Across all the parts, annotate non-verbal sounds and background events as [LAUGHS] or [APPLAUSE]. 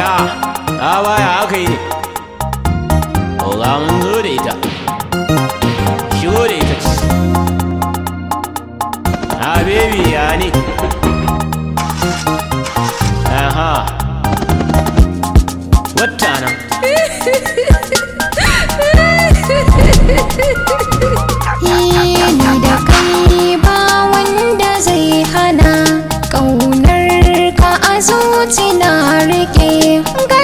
ta ta baya yi ne zo da ita shigo da ita ci bebi ya ne aha wata nan zai hana ƙaunar ka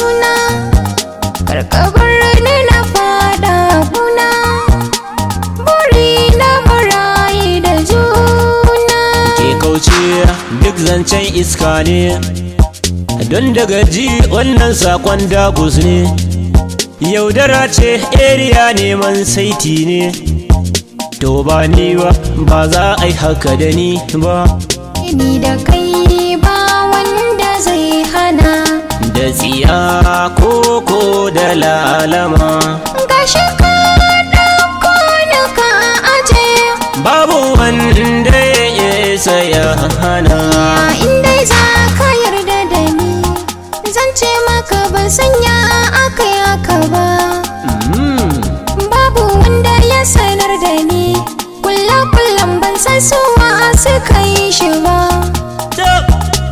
suna karkabar na fada kuna buri na marayi da juna ke kauce duk zancen iska ne don daga ji wannan sakon dagus ne yaudara ce 'Eriya' neman saiti ne to ba ni ba ba za a yi haka da ni ba ni da kai da tsiya koko da lalama gashi ka ɗauko ni aje babu wanda ya isa ya hana inda za ka yarda da ni zan ce maka ban sanya aka aka ba hmm. babu wanda ya sanar da ni kulla-kullan ban san suwa suka yi shi ba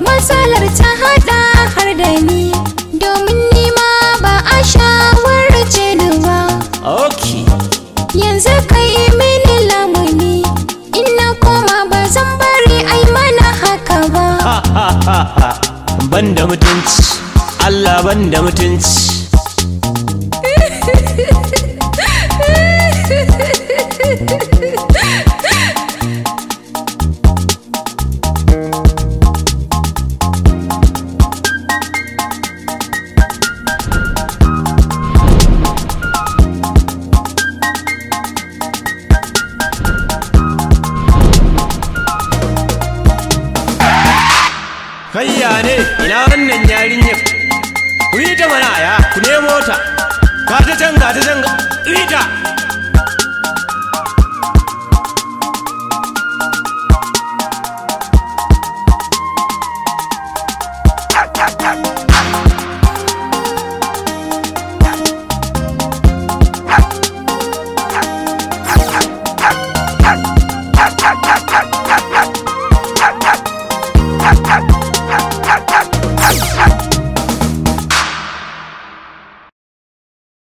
matsalar ta [LAUGHS] banda mutunci Allah banda mutunci [LAUGHS] kayya ne ina wannan yarinyar ku yi ta mana ya ku nemo ta ga ta can ga ta can yi Ha ha!